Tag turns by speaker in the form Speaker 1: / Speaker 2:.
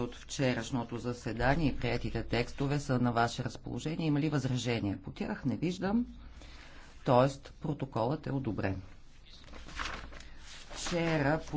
Speaker 1: от вчерашното заседание и приятите текстове са на ваше разположение. Има ли възражения по тях? Не виждам. Тоест, протоколът е одобрен.
Speaker 2: Вчера